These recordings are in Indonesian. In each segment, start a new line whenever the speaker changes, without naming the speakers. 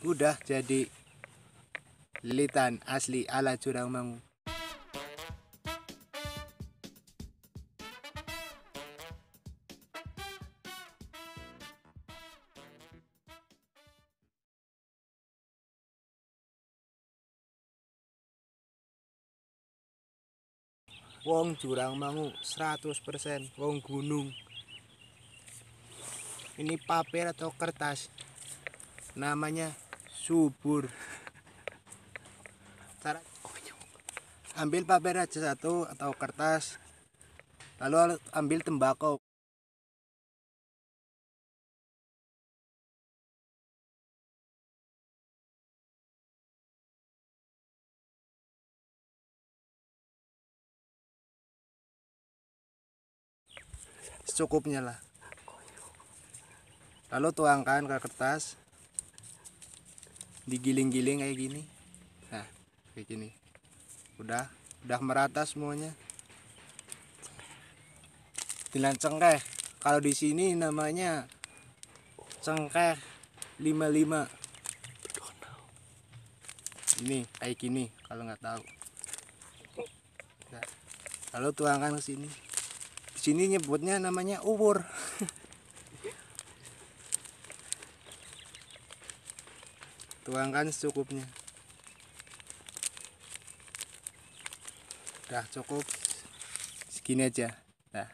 udah jadi lilitan asli ala curang mangu wong jurang mangu 100% wong gunung ini papir atau kertas namanya subur cara ambil paper aja satu atau kertas lalu ambil tembakau secukupnya lah lalu tuangkan ke kertas digiling-giling kayak gini nah kayak gini udah udah merata semuanya dengan cengkeh kalau di sini namanya cengkeh 55 ini kayak gini kalau nggak tahu nah, lalu tuangkan ke sini di sini nyebutnya namanya ubur tuangkan secukupnya udah cukup segini aja nah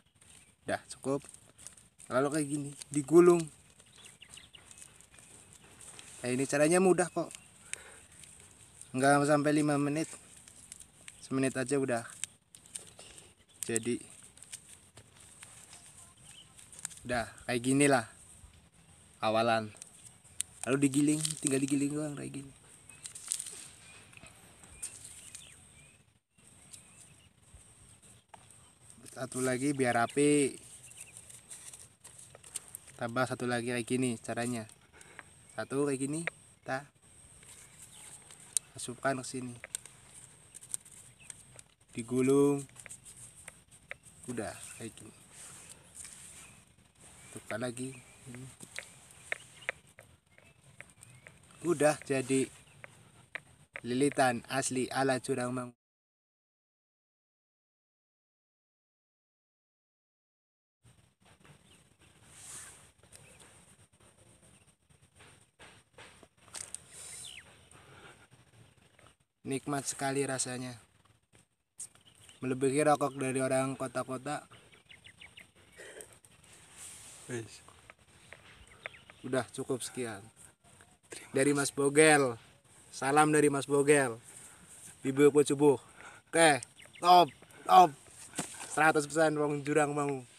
udah cukup lalu kayak gini digulung nah ini caranya mudah kok Enggak sampai 5 menit semenit aja udah jadi udah kayak gini lah awalan lalu digiling tinggal digiling doang kayak gini satu lagi biar rapi tambah satu lagi kayak gini caranya satu kayak gini kita masukkan ke sini digulung udah kayak gini tukar lagi ini udah jadi lilitan asli ala curang mang nikmat sekali rasanya melebihi rokok dari orang kota-kota udah cukup sekian dari Mas Bogel. Salam dari Mas Bogel. Di Bogel Subuh. Oke, top, top. 100% wong jurang mau.